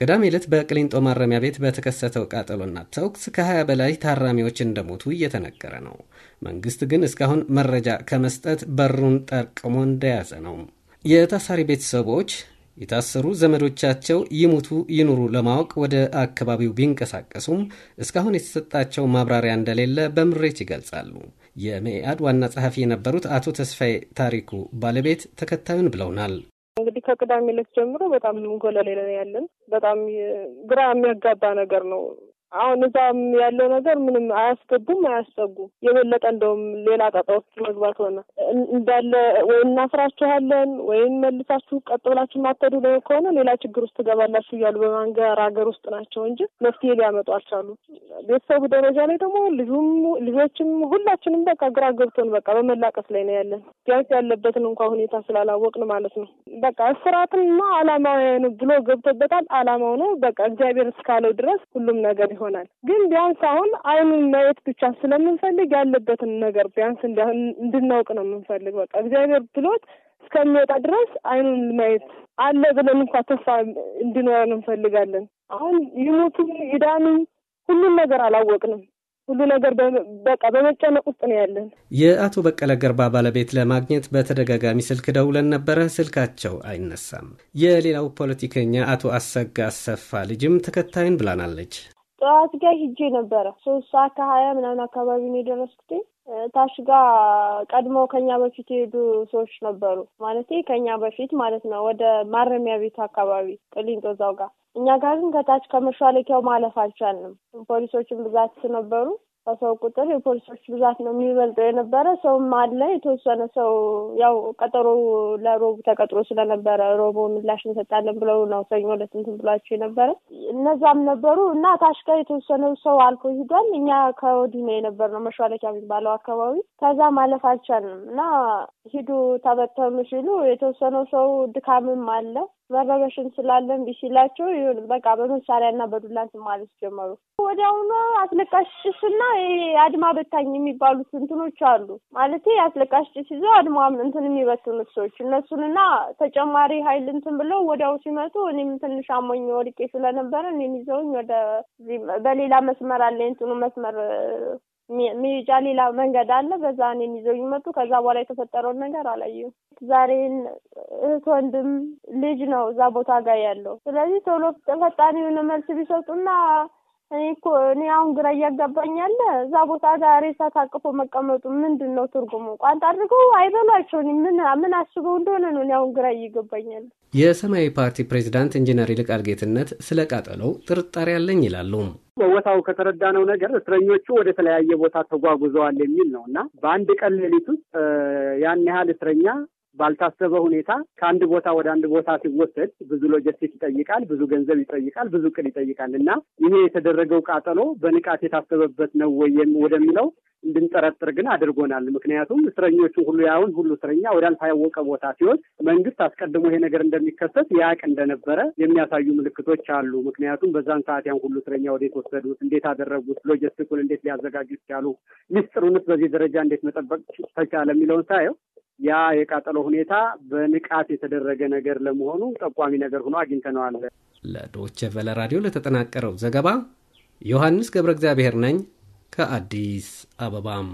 ቅዳሜ ዕለት በቅሊንጦ ማረሚያ ቤት በተከሰተው ቃጠሎና ተኩስ ከ20 በላይ ታራሚዎች እንደሞቱ እየተነገረ ነው። መንግስት ግን እስካሁን መረጃ ከመስጠት በሩን ጠርቅሞ እንደያዘ ነው። የታሳሪ ቤተሰቦች የታሰሩ ዘመዶቻቸው ይሙቱ ይኑሩ ለማወቅ ወደ አካባቢው ቢንቀሳቀሱም እስካሁን የተሰጣቸው ማብራሪያ እንደሌለ በምሬት ይገልጻሉ። የመኢአድ ዋና ጸሐፊ የነበሩት አቶ ተስፋዬ ታሪኩ ባለቤት ተከታዩን ብለውናል። እንግዲህ ከቅዳሜ ዕለት ጀምሮ በጣም ጎለሌ ያለን በጣም ግራ የሚያጋባ ነገር ነው። አሁን እዛም ያለው ነገር ምንም አያስገቡም፣ አያስጠጉም። የበለጠ እንደውም ሌላ ጣጣ ውስጥ መግባት ሆነ እንዳለ ወይም እናስራችኋለን ወይም መልሳችሁ ቀጥ ብላችሁ ማተዱ ላይ ከሆነ ሌላ ችግር ውስጥ ትገባላችሁ እያሉ በማንገር ሀገር ውስጥ ናቸው እንጂ መፍትሄ ሊያመጡ አልቻሉ። ቤተሰቡ ደረጃ ላይ ደግሞ ልጁም ልጆችም ሁላችንም በቃ ግራ ገብቶን በቃ በመላቀስ ላይ ነው ያለን። ቢያንስ ያለበትን እንኳ ሁኔታ ስላላወቅን ማለት ነው። በቃ እስራትማ አላማው ብሎ ገብቶበታል። አላማው ነው በቃ እግዚአብሔር እስካለው ድረስ ሁሉም ነገር ይሆናል። ግን ቢያንስ አሁን አይኑን ማየት ብቻ ስለምንፈልግ ያለበትን ነገር ቢያንስ እንድናውቅ ነው የምንፈልግ። በቃ እግዚአብሔር ብሎት እስከሚወጣ ድረስ አይኑን ማየት አለ ብለን እንኳ ተስፋ እንዲኖረን እንፈልጋለን። አሁን ይሞቱ ይዳኑ ሁሉን ነገር አላወቅንም። ሁሉ ነገር በቃ በመጨነቅ ውስጥ ነው ያለን። የአቶ በቀለ ገርባ ባለቤት ለማግኘት በተደጋጋሚ ስልክ ደውለን ነበረ፣ ስልካቸው አይነሳም። የሌላው ፖለቲከኛ አቶ አሰጋ አሰፋ ልጅም ተከታይን ብላናለች። ጠዋት ጋር ሂጄ ነበረ ሶስት ሰዓት ከሀያ ምናምን አካባቢ ነው የደረስኩትኝ። ታሽ ጋ ቀድሞ ከኛ በፊት የሄዱ ሰዎች ነበሩ። ማለት ከኛ በፊት ማለት ነው ወደ ማረሚያ ቤቱ አካባቢ ቅሊንጦ እዛው ጋር። እኛ ጋር ግን ከታች ከመሿለኪያው ማለፍ አልቻልንም። ፖሊሶችን ብዛት ነበሩ። ከሰው ቁጥር የፖሊሶች ብዛት ነው የሚበልጠው የነበረ። ሰውም አለ የተወሰነ ሰው ያው ቀጠሮ ለሮቡ ተቀጥሮ ስለነበረ ሮቡ ምላሽ እንሰጣለን ብለው ነው ሰኞ ዕለት እንትን ብሏቸው የነበረ። እነዛም ነበሩ እና ታች ጋር የተወሰነ ሰው አልፎ ሂዷል። እኛ ከወዲህ ነው የነበር ነው መሿለኪያ የሚባለው አካባቢ። ከዛ ማለፍ አልቻልም እና ሂዱ ተበተኑ ሲሉ የተወሰነው ሰው ድካምም አለ መረበሽን ስላለን ቢሲላቸው ይሁን በቃ በመሳሪያና በዱላ ማለት ጀመሩ። ወዲያውኑ አስለቃሽ ጭስና አድማ በታኝ የሚባሉት እንትኖች አሉ ማለት አስለቃሽ ጭስ ይዘው አድማ እንትን የሚበትኑት ሰዎች እነሱንና ተጨማሪ ኃይል እንትን ብለው ወዲያው ሲመጡ እኔም ትንሽ አሞኝ ወድቄ ስለነበረ እኔም ይዘውኝ ወደ በሌላ መስመር አለ እንትኑ መስመር ሚጫ ሌላ መንገድ አለ። በዛ እኔን ይዘው ይመጡ። ከዛ በኋላ የተፈጠረውን ነገር አላየሁም። ዛሬን እህት ወንድም ልጅ ነው እዛ ቦታ ጋር ያለው። ስለዚህ ቶሎ ፈጣን የሆነ መልስ ቢሰጡና እኔ እኮ እኔ አሁን ግራ እያጋባኛለ እዛ ቦታ ጋር ሬሳ ታቅፎ መቀመጡ ምንድን ነው ትርጉሙ? ቋንጣ አድርገው አይበሏቸውን ምን ምን አስበው እንደሆነ ነው እኔ አሁን ግራ እየገባኛል። የሰማያዊ ፓርቲ ፕሬዚዳንት ኢንጂነር ይልቃል ጌትነት ስለ ቃጠሎው ጥርጣሬ አለኝ ይላሉ። በቦታው ከተረዳነው ነገር እስረኞቹ ወደ ተለያየ ቦታ ተጓጉዘዋል የሚል ነው እና በአንድ ቀን ሌሊት ውስጥ ያን ያህል እስረኛ ባልታሰበ ሁኔታ ከአንድ ቦታ ወደ አንድ ቦታ ሲወሰድ ብዙ ሎጂስቲክ ይጠይቃል፣ ብዙ ገንዘብ ይጠይቃል፣ ብዙ ቅል ይጠይቃል እና ይሄ የተደረገው ቃጠሎ በንቃት የታሰበበት ነው ወይም ወደሚለው እንድንጠረጥር ግን አድርጎናል። ምክንያቱም እስረኞቹ ሁሉ ያሁን ሁሉ እስረኛ ወዳልታወቀ ቦታ ሲሆን መንግስት አስቀድሞ ይሄ ነገር እንደሚከሰት ያቅ እንደነበረ የሚያሳዩ ምልክቶች አሉ። ምክንያቱም በዛን ሰዓት ያን ሁሉ እስረኛ ወደ የተወሰዱት እንዴት አደረጉት፣ ሎጂስቲኩን እንዴት ሊያዘጋጁት ቻሉ፣ ሚስጥሩንስ በዚህ ደረጃ እንዴት መጠበቅ ተቻለ የሚለውን ሳየው ያ የቃጠሎ ሁኔታ በንቃት የተደረገ ነገር ለመሆኑ ጠቋሚ ነገር ሆኖ አግኝተነዋል። ለዶቼ ቨለ ራዲዮ ለተጠናቀረው ዘገባ ዮሐንስ ገብረ እግዚአብሔር ነኝ ከአዲስ አበባም